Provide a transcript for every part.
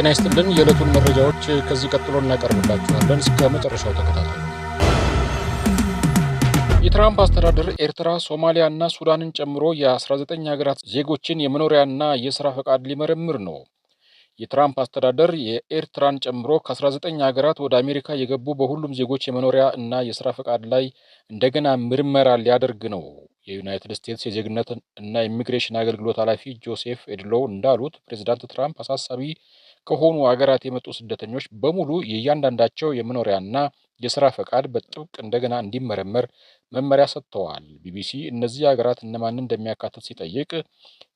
ጤና ይስጥልን። የዕለቱን መረጃዎች ከዚህ ቀጥሎ እናቀርብላችኋለን። እስከ መጨረሻው ተከታተሉ። የትራምፕ አስተዳደር ኤርትራ፣ ሶማሊያና ሱዳንን ጨምሮ የ19 ሀገራት ዜጎችን የመኖሪያና የስራ ፈቃድ ሊመረምር ነው። የትራምፕ አስተዳደር የኤርትራን ጨምሮ ከ19 ሀገራት ወደ አሜሪካ የገቡ በሁሉም ዜጎች የመኖሪያ እና የስራ ፈቃድ ላይ እንደገና ምርመራ ሊያደርግ ነው። የዩናይትድ ስቴትስ የዜግነት እና ኢሚግሬሽን አገልግሎት ኃላፊ ጆሴፍ ኤድሎው እንዳሉት ፕሬዚዳንት ትራምፕ አሳሳቢ ከሆኑ ሀገራት የመጡ ስደተኞች በሙሉ የእያንዳንዳቸው የመኖሪያና የስራ ፈቃድ በጥብቅ እንደገና እንዲመረመር መመሪያ ሰጥተዋል። ቢቢሲ እነዚህ ሀገራት እነማንን እንደሚያካትት ሲጠይቅ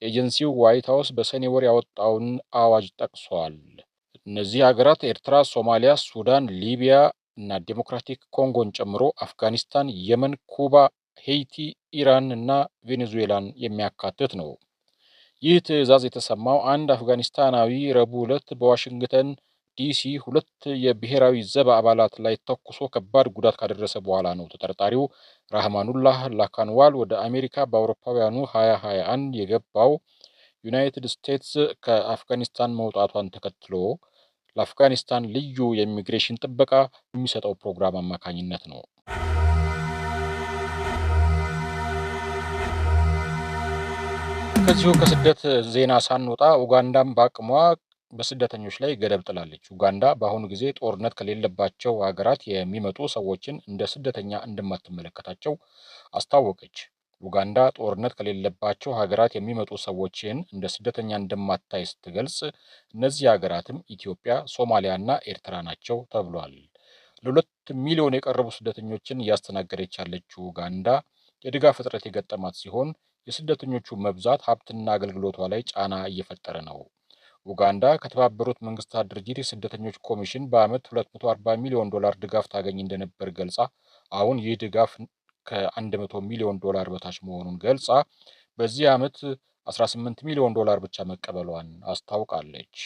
ኤጀንሲው ዋይት ሀውስ በሰኔ ወር ያወጣውን አዋጅ ጠቅሷል። እነዚህ ሀገራት ኤርትራ፣ ሶማሊያ፣ ሱዳን፣ ሊቢያ እና ዴሞክራቲክ ኮንጎን ጨምሮ አፍጋኒስታን፣ የመን፣ ኩባ፣ ሄይቲ፣ ኢራን እና ቬኔዙዌላን የሚያካትት ነው። ይህ ትዕዛዝ የተሰማው አንድ አፍጋኒስታናዊ ረቡዕ ዕለት በዋሽንግተን ዲሲ ሁለት የብሔራዊ ዘብ አባላት ላይ ተኩሶ ከባድ ጉዳት ካደረሰ በኋላ ነው። ተጠርጣሪው ራህማኑላህ ላካንዋል ወደ አሜሪካ በአውሮፓውያኑ 2021 የገባው ዩናይትድ ስቴትስ ከአፍጋኒስታን መውጣቷን ተከትሎ ለአፍጋኒስታን ልዩ የኢሚግሬሽን ጥበቃ የሚሰጠው ፕሮግራም አማካኝነት ነው። ከዚሁ ከስደት ዜና ሳንወጣ ኡጋንዳም በአቅሟ በስደተኞች ላይ ገደብ ጥላለች። ኡጋንዳ በአሁኑ ጊዜ ጦርነት ከሌለባቸው ሀገራት የሚመጡ ሰዎችን እንደ ስደተኛ እንደማትመለከታቸው አስታወቀች። ኡጋንዳ ጦርነት ከሌለባቸው ሀገራት የሚመጡ ሰዎችን እንደ ስደተኛ እንደማታይ ስትገልጽ፣ እነዚህ ሀገራትም ኢትዮጵያ፣ ሶማሊያ እና ኤርትራ ናቸው ተብሏል። ለሁለት ሚሊዮን የቀረቡ ስደተኞችን እያስተናገደች ያለችው ኡጋንዳ የድጋፍ እጥረት የገጠማት ሲሆን የስደተኞቹ መብዛት ሀብትና አገልግሎቷ ላይ ጫና እየፈጠረ ነው። ኡጋንዳ ከተባበሩት መንግስታት ድርጅት የስደተኞች ኮሚሽን በዓመት 240 ሚሊዮን ዶላር ድጋፍ ታገኝ እንደነበር ገልጻ አሁን ይህ ድጋፍ ከ100 ሚሊዮን ዶላር በታች መሆኑን ገልጻ በዚህ ዓመት 18 ሚሊዮን ዶላር ብቻ መቀበሏን አስታውቃለች።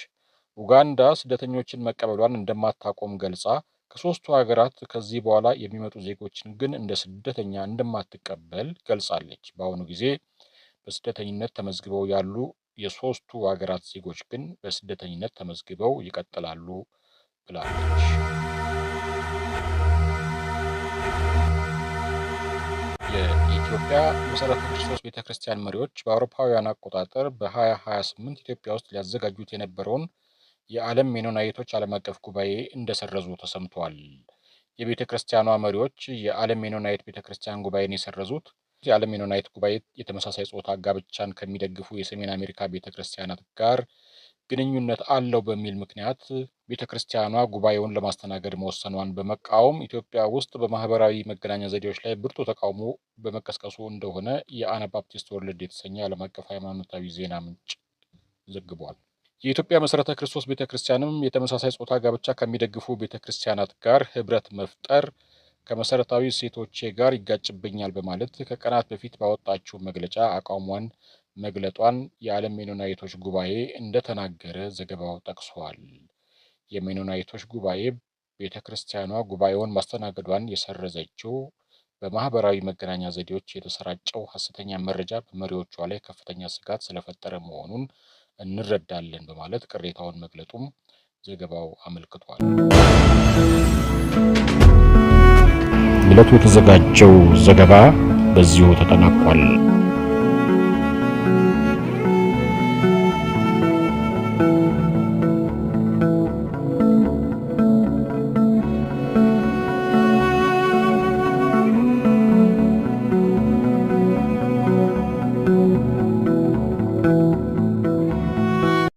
ኡጋንዳ ስደተኞችን መቀበሏን እንደማታቆም ገልጻ ከሶስቱ ሀገራት ከዚህ በኋላ የሚመጡ ዜጎችን ግን እንደ ስደተኛ እንደማትቀበል ገልጻለች። በአሁኑ ጊዜ በስደተኝነት ተመዝግበው ያሉ የሶስቱ ሀገራት ዜጎች ግን በስደተኝነት ተመዝግበው ይቀጥላሉ ብላለች። የኢትዮጵያ መሰረተ ክርስቶስ ቤተ ክርስቲያን መሪዎች በአውሮፓውያን አቆጣጠር በ2028 ኢትዮጵያ ውስጥ ሊያዘጋጁት የነበረውን የዓለም ሜኖናይቶች ዓለም አቀፍ ጉባኤ እንደሰረዙ ተሰምቷል። የቤተ ክርስቲያኗ መሪዎች የዓለም ሜኖናይት ቤተ ክርስቲያን ጉባኤን የሰረዙት የዓለም ሜኖናይት ጉባኤ የተመሳሳይ ጾታ ጋብቻን ከሚደግፉ የሰሜን አሜሪካ ቤተ ክርስቲያናት ጋር ግንኙነት አለው በሚል ምክንያት ቤተ ክርስቲያኗ ጉባኤውን ለማስተናገድ መወሰኗን በመቃወም ኢትዮጵያ ውስጥ በማህበራዊ መገናኛ ዘዴዎች ላይ ብርቱ ተቃውሞ በመቀስቀሱ እንደሆነ የአነባፕቲስት ወርልድ የተሰኘ ዓለም አቀፍ ሃይማኖታዊ ዜና ምንጭ ዘግቧል። የኢትዮጵያ መሰረተ ክርስቶስ ቤተ ክርስቲያንም የተመሳሳይ ጾታ ጋብቻ ከሚደግፉ ቤተ ክርስቲያናት ጋር ህብረት መፍጠር ከመሰረታዊ እሴቶቼ ጋር ይጋጭብኛል በማለት ከቀናት በፊት ባወጣችው መግለጫ አቋሟን መግለጧን የዓለም ሜኖናይቶች ጉባኤ እንደተናገረ ዘገባው ጠቅሷል። የሜኖናይቶች ጉባኤ ቤተ ክርስቲያኗ ጉባኤውን ማስተናገዷን የሰረዘችው በማህበራዊ መገናኛ ዘዴዎች የተሰራጨው ሐሰተኛ መረጃ በመሪዎቿ ላይ ከፍተኛ ስጋት ስለፈጠረ መሆኑን እንረዳለን በማለት ቅሬታውን መግለጡም ዘገባው አመልክቷል። ዕለቱ የተዘጋጀው ዘገባ በዚሁ ተጠናቋል።